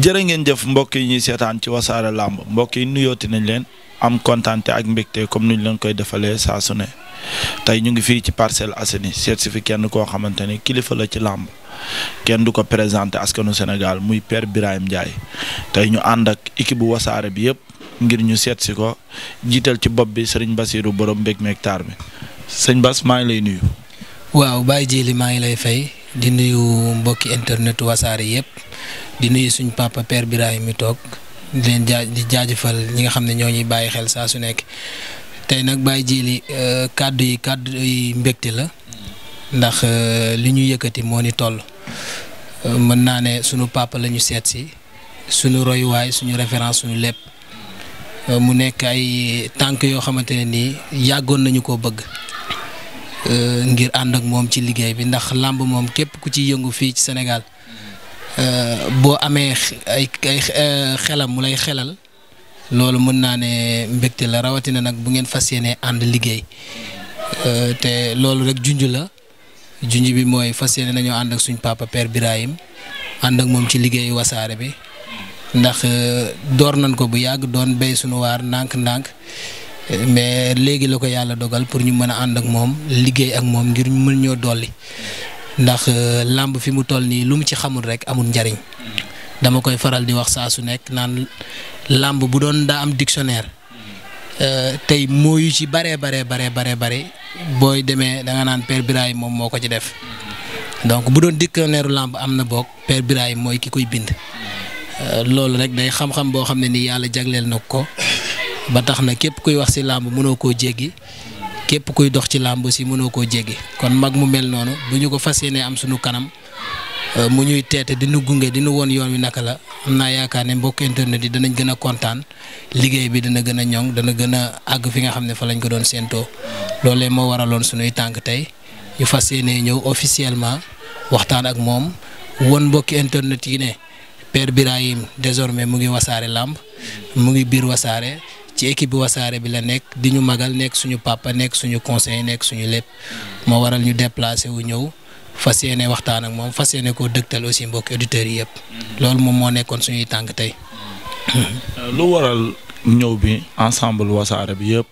jërë ngeen jëf mbokk yi ñuy seetaan ci wasaare làmb mbokk yi nuyooti nañ leen am kontaan ak mbégte comme ni ñu leen koy defalee saa su ne tey ñu ngi fii ci parcelle Assainies seet fi kenn koo xamante ni kilifa la ci làmb kenn du ko présenté askanu Sénégal muy per Birahim Ndiaye tey ñu ànd ak équipe bu wasaare bi yëpp ngir ñu seet si ko jiital ci bopp bi sëriñ basiiru borom mbég mektaar bi sëñ Bas maa ngi lay nuyu. waaw Baye Jili maa ngi lay fay. di nuyu mbokki internet wasaare yëpp di nuyu suñ papa père Birahim mi toog di leen jaa di jaajëfal ñi nga xam ne ñoo ñuy bàyyi xel saa su nekk tey nag bàyyi jili euh, kàddu yi kàddu yi mbégte la ndax euh, li ñu yëkkati moo ni toll euh, mën naa ne suñu papa la ñu seet si sunu royuwaay suñu référence suñu lépp mu nekk ay tànk yoo xamante ne nii yàggoon nañu ko bëgg. Euh, ngir ànd ak moom ci liggéey bi ndax làmb moom képp ku ci yëngu fii ci Sénégal euh, boo amee ay ay euh, xelam mu lay xelal loolu mën naa ne mbégte la rawatina nag bu ngeen fas yéenee ànd liggéey te loolu rek junju la junju bi mooy fas yéene nañoo ànd ak suñ papa père Birahim ànd ak moom ci liggéeyu wasaare bi ndax door nañ ko bu yàgg doon béy suñu waar ndànk-ndànk. mais léegi la ko yàlla dogal pour ñu mën a ànd ak moom liggéey ak moom ngir ñu ñoo dolli ndax euh, làmb fi mu toll nii lu mu ci xamul rek amul njariñ dama koy faral di wax saa su nekk naan làmb bu doon daa am dictionnaire euh, tey moo ci baree bare baree baree bare booy demee danga nga naan Père Birahim moom moo ko ci def donc bu doon dictionnaire làmb am na boog Père Birahim mooy ki koy bind euh, loolu rek day xam-xam boo xam ne ni yàlla jagleel na ko ba tax na képp kuy wax ci làmb mënoo koo jéggi képp kuy dox ci làmb si mënoo koo jéggi kon mag mu mel noonu bu ñu ko fas yéenee am suñu kanam euh, mu ñuy teete dina gunge dina nu woon yoon wi naka la am naa yaakaar ne mbokk internet yi danañ gën a kontaan liggéey bi dana gën a ñoŋ dana gën a àgg fi nga xam ne fa lañ ko doon séentoo loolee moo waraloon suñuy tànk tey ñu fas yéenee ñëw officiellement waxtaan ak moom won mbokki internet yi ne Père Birahim désormais mu ngi wasaare làmb mu ngi biir wasaare. ci équipe bi wasaare bi la nekk di ñu magal nekk suñu papa nekk suñu conseil nekk suñu lépp moo waral ñu déplacé wu ñëw fas yéene waxtaan ak moom fas yéene koo dëgtal aussi mbokki auditeurs yi yëpp loolu moom moo nekkoon suñuy tànk tey. Euh, lu waral ñëw bi ensemble wasaare bi yëpp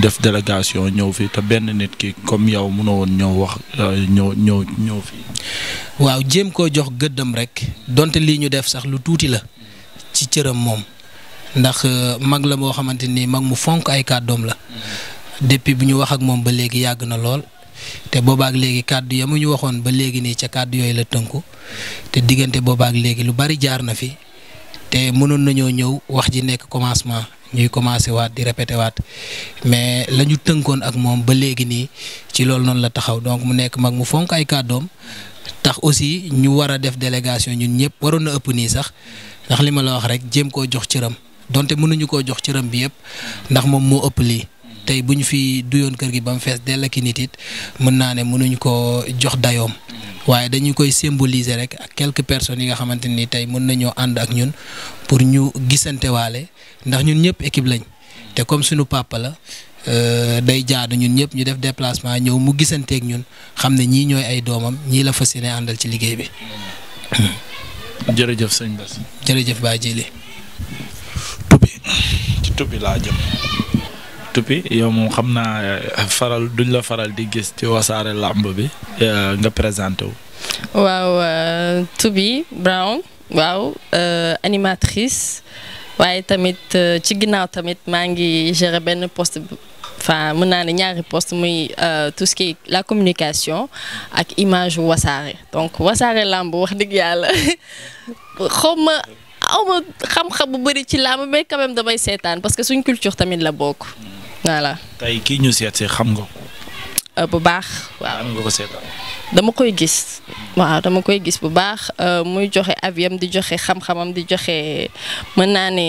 def délégation ñëw fii te benn nit ki comme yow mënoo woon ñëw wax euh, ñëw ñëw ñëw fii waaw jéem koo jox gëddam rek donte lii ñu def sax lu tuuti la ci cëram moom. ndax euh, mag la boo xamante ni mag mu fonk ay kàddoom la depuis bu ñu wax ak moom ba léegi yàgg na lool te boobaak léegi kàddu ya mu ñu waxoon ba léegi nii ca kàddu yooyu la tënku te diggante boobaak léegi lu bari jaar na fi te mënoon nañoo ñëw wax ji nekk commencement ñuy commencé waat di répété waat mais la ñu tënkoon ak moom ba léegi nii ci loolu noonu la taxaw donc mu nekk mag mu fonk ay kàddoom tax aussi ñu war a def délégation ñun ñëpp waroon na ëpp nii sax ndax li ma la wax rek jéem koo jox cëram. donte mënuñu koo jox cëram bi yëpp ndax moom moo ëpp lii tey bu ñu fi duyoon kër gi ba mu fees dell ak nit it mën naa ne mënuñu koo jox dayoom waaye dañu koy symboliser rek ak quelque personnes yi nga xamante ni tey mën nañoo ànd ak ñun pour ñu gisante ndax ñun ñëpp équipe lañ te comme suñu papa la euh, day jaadu ñun ñëpp ñu def déplacement ñëw mu gisanteeg ñun xam ne ñii ñooy ay doomam ñii la fas yéene àndal ci liggéey bi. jërëjëf sëñ jërëjëf Baye ci tuppi laa jëm tuppi yow moom xam naa eh, faral duñ la faral di gis ci wasaare làmb bi eh, nga présenté wu waaw euh, Toubi Brown waaw euh, animatrice waaye tamit euh, ci ginnaaw tamit maa ngi gérer benn poste enfin mën naa ne ñaari post muy tout ce la communication ak image wasaare donc wasaare làmb wax dëgg yàlla xawma aw ma xam-xam bu bëri ci làmb mais quand damay seetaan parce que suñ culture tamit la bokk. voilà tey kii ñu seet see xam nga ko. Euh, bu baax waaw dama koy gis waaw dama koy gis bu baax euh, muy joxe aviam di joxe xam-xamam di joxe mën naa ne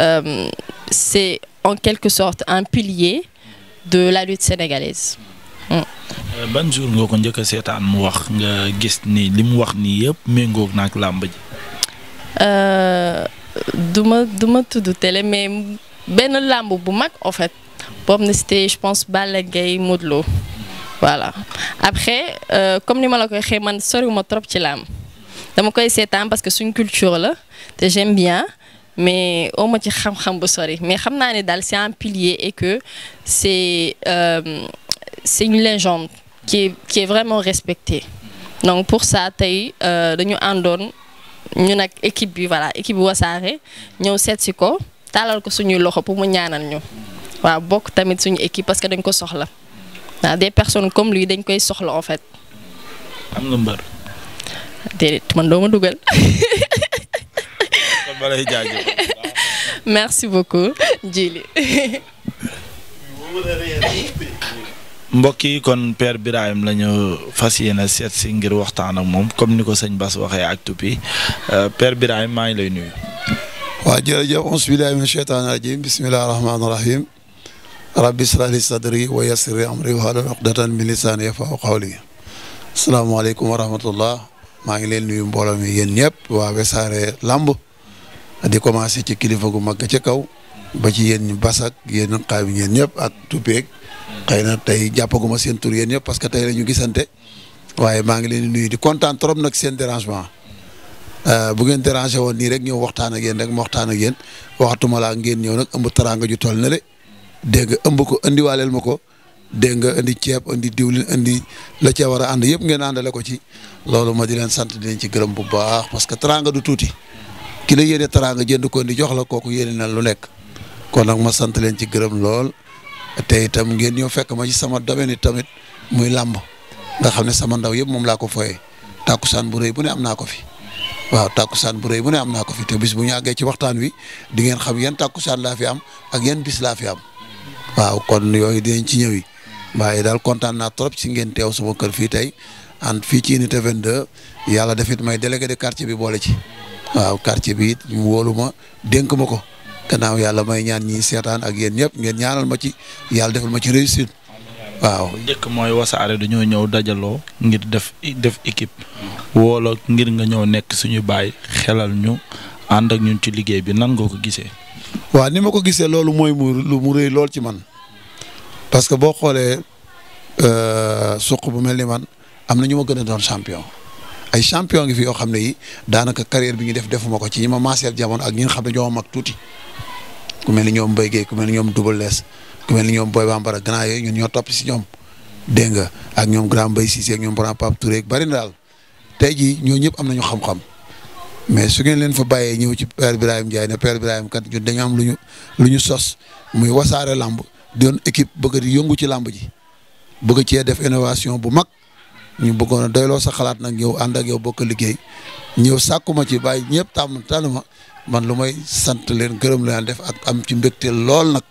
euh, c'est en quelque sorte un pilier de la lutte sénégalaise. Mm. ban nga ko njëkk seetaan mu wax nga gis ni li mu wax nii yëpp méngoog naag làmb ji. Euh, du ma du ma tudd tele mais benn làmb bu mag en fait boobu na c'était je pense Balla Gaye Modou Lo voilà après euh, comme ni ma la koy xee man soriwuma trop ci làmb dama koy seetaan parce que suñ culture la te j'aime bien mais oo ma ci xam-xam bu sori mais xam naa ne daal c'est un pilier et que c'est euh, c'est une légende qui est qui vraiment respectée donc pour ça tey euh, dañu àndoon. ñu nag équipe bi voilà équipe bi wasaare ñëw seet si ko taalal ko suñuy loxo pour mu ñaanal ñu waaw bokk tamit suñu équipe parce que dañ ko soxla waaw des personnes comme lui dañ koy soxla en fait. am nga mbër. déedéet man doo dugal. merci beaucoup Djily. mbokk yi kon Père Birahim lañu ñu fas yéene seet si ngir waxtaan ak moom comme ni ko sëñ Bass waxee ak tupi euh, Père Birahim maa ngi lay nuyu. waa jërëjëf auzu billaahi mina sheytaani rajiim bismillaahi rahmaani rahiim rabbi ishrah li sadri wa yassir li amri wahlul uqdatan min lisaani yafqahu wa rahmatullah maa ngi leen nuyu mbooloo mi yéen ñëpp waa Wassare Lamb di commencé ci kilifa gu mag ca kaw. ba ci yéen ñu basak yéen xaay bi yéen ñëpp ak tuppeeg xëy na tey jàppaguma seen tur yéen ñëpp parce que tey la ñu gisante waaye maa ngi leen di nuyu di kontaan trop nag seen dérangement euh, bu ngeen dérangé woon nii rek ñëw waxtaan a yéen rek waxtaan ak yéen waxatuma laa ngeen ñëw nag ëmb taraanga ju toll na le dégg nga ëmb ko indiwaaleel ma ko dégg nga indi ceeb indi diwlin indi la cee war a ànd yëpp ngeen àndale ko ci loolu ma di leen sant di leen ci gërëm bu baax parce que taraanga du tuuti ki la yéene taraanga jënd ko indi jox la kooku yéene na lu nekk. kon nag ma sant leen ci gërëm lool te itam ngeen ñëw fekk ma ci sama domaine tamit muy làmb nga xam ne sama ndaw yëpp moom laa ko fooyee tàkkusaan bu rëy bu ne am naa ko fi waaw tàkkusaan bu rëy bu ne am naa ko fi te bis bu ñu àggee ci waxtaan wi di ngeen xam yan saan laa fi am ak yen bis laa fi am waaw kon yooyu dinañ ci ñëw yi waaye daal kontaan naa trop ci ngeen teew sama kër fii tey and fii ci unité 22 yàlla def it may délégué de quartier bi boole ci waaw quartier bi it mu wóolu ma dénk ma ko. gannaaw yàlla may ñaan ñi seetaan ak yéen ñëpp ngeen ñaanal ma ci yàlla defal ma ci réussite waaw njëkk mooy wasaare dañoo ñëw dajaloo ngir def def équipe woolo ngir nga ñëw nekk suñu baay xelal ñu ànd ak ñun ci liggéey bi nan nga ko gisee. waaw ni ma ko gisee loolu mooy mu lu mu rëy lool ci man parce que boo xoolee euh, suq bu mel ni man am na ñu ma gën a doon champion. ay champion ngi fi yoo xam ne yi daanaka carrière bi ñu def defuma ko ci ñi ma maaseel jamono ak ñi nga xam ne ñoo mag tuuti ku mel ni ñoom Mbaye Guèye ku mel ni ñoom Double Less ku mel ni ñoom Boy Bambara grand yooyu ñun ñoo topp si ñoom dégg nga ak ñoom grand Mbaye si ak ñoom grand Pape Touré ak bari na daal tey jii ñoo ñëpp am nañu xam mais su ngeen leen fa bàyyee ñëw ci père Birahim ne père Birahim kat ñun dañu am lu ñu lu ñu sos muy wasaare lamb doon équipe bëgg di yëngu ci làmb ji bëgg cee def innovation bu mag ñu bëggoon a doyloo sa xalaat nag ñëw ànd ak yow bokk liggéey ñëw sàkkuma ci bàyyi ñëpp tàmm tànnuma man lu may sant leen gërëm leen def ak am ci mbégte lool nag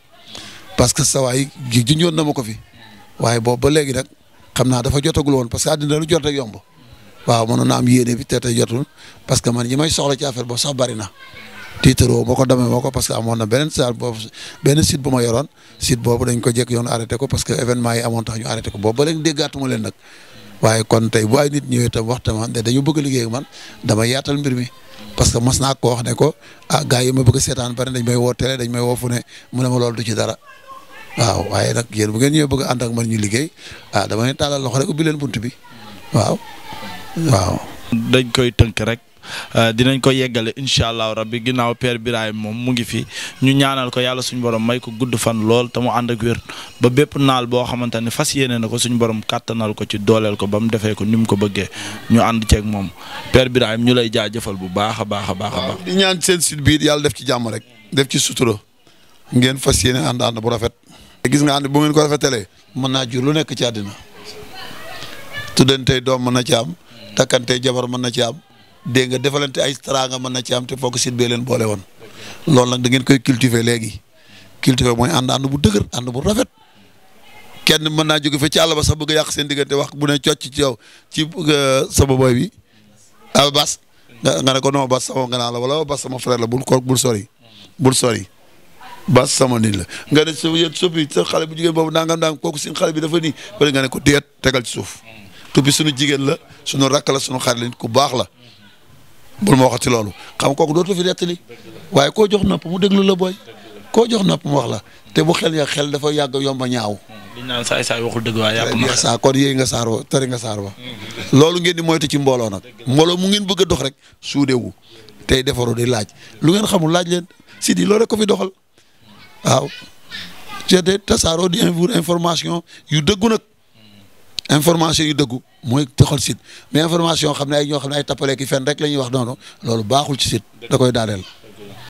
parce que sa waay ji junjoon na ma ko fi waaye boobu ba léegi nag xam naa dafa jotagul woon parce que àddina lu jot rek yomb waaw mënoon naa am yéene bi te tey jotul parce que man ñi may soxla ci affaire boobu sax bari na. tiitaroo ma ko demee ma ko parce que amoon na beneen saal boobu bu ma yoroon site boobu dañ ko jekk yoon arrêté ko que événement amoon tax ñu arrêté ko boobu waaye kon tey bu ay nit ñëwee tam waxtaan man ne dañu bëgg liggéey man dama yaatal mbir mi. parce que mas naa ko wax ne ko ah gars yi ma bëgg seetaan ba ne dañ may woo télé dañ may woo fu ne mu ne ma loolu du ci dara waaw waaye nag yéen bu ngeen ñëwee bëgg a man ñu liggéey ah dama ne tàllal loxo rek ubbi leen bunt bi waaw. waaw. dañ koy tënk rek. Euh, dinañ ko yeggale incha allahu rabbi ginnaaw père Birahim moom mu ngi fi ñu ñaanal ko yàlla suñu borom may ko gudd fan lool te mu ànd ak wér ba bépp naal boo xamante ne fas yéene na ko suñu borom kàttanal ko ci dooleel ko ba mu defee ko ni mu ko bëggee ñu ànd ceeg moom père Birahim ñu lay jaajëfal bu baax a baax a baax a baax. di ñaan seen sud biir yàlla def ci jàmm rek def ci sutura ngeen fas yéene ànd ànd bu rafet. gis nga ànd bu ngeen ko rafetalee mën naa jur lu nekk ci àddina tuddantey mën na ci am takkantey jabar mën na ci am dégg nga defalante ay teraanga mën na ci am te foog site bee leen boole woon loolu nag da ngeen koy cultiver léegi cultiver mooy ànd ànd bu dëgër ànd bu rafet kenn mën naa jóge fa ci àll ba sax bëgg a yàq seen diggante wax bu ne cocc ci yow ci euh, sama boy bi albas ah, nga ne ko non bas sama gannaaw la wala bas sama frère la bul ko bul sori bul sori bas sama nit la nga ne sa yéen sa xale bu jigéen boobu nangam nangam kooku seen xale bi dafa nii wala ko déet tegal ci suuf tuppi suñu jigéen la suñu rakk la suñu xarit la ku baax la bul ma waxati loolu xam kooku dootu fi nettali waaye koo jox nopp mu déglu la booy koo jox nopp mu wax la te bu xel ya xel dafa yàgg yomba ñaaw. liñ naan saay saay waxul dëgg waaye yàpp ma saa kon yéey nga saaroo tari nga saar ba loolu ngeen di moytu ci mbooloo nag mbooloo mu ngeen bëgg a dox rek suudewu tey defaru di laaj lu ngeen xamul laaj leen si di loolu rek ko fi doxal waaw ta tasaaroo di information yu dëggu nag information yu dëggu mooy taxal site mais information xam ne ay ñoo xam ne ay tappale ki fen rek la ñuy wax noonu loolu baaxul ci site da koy daaneel.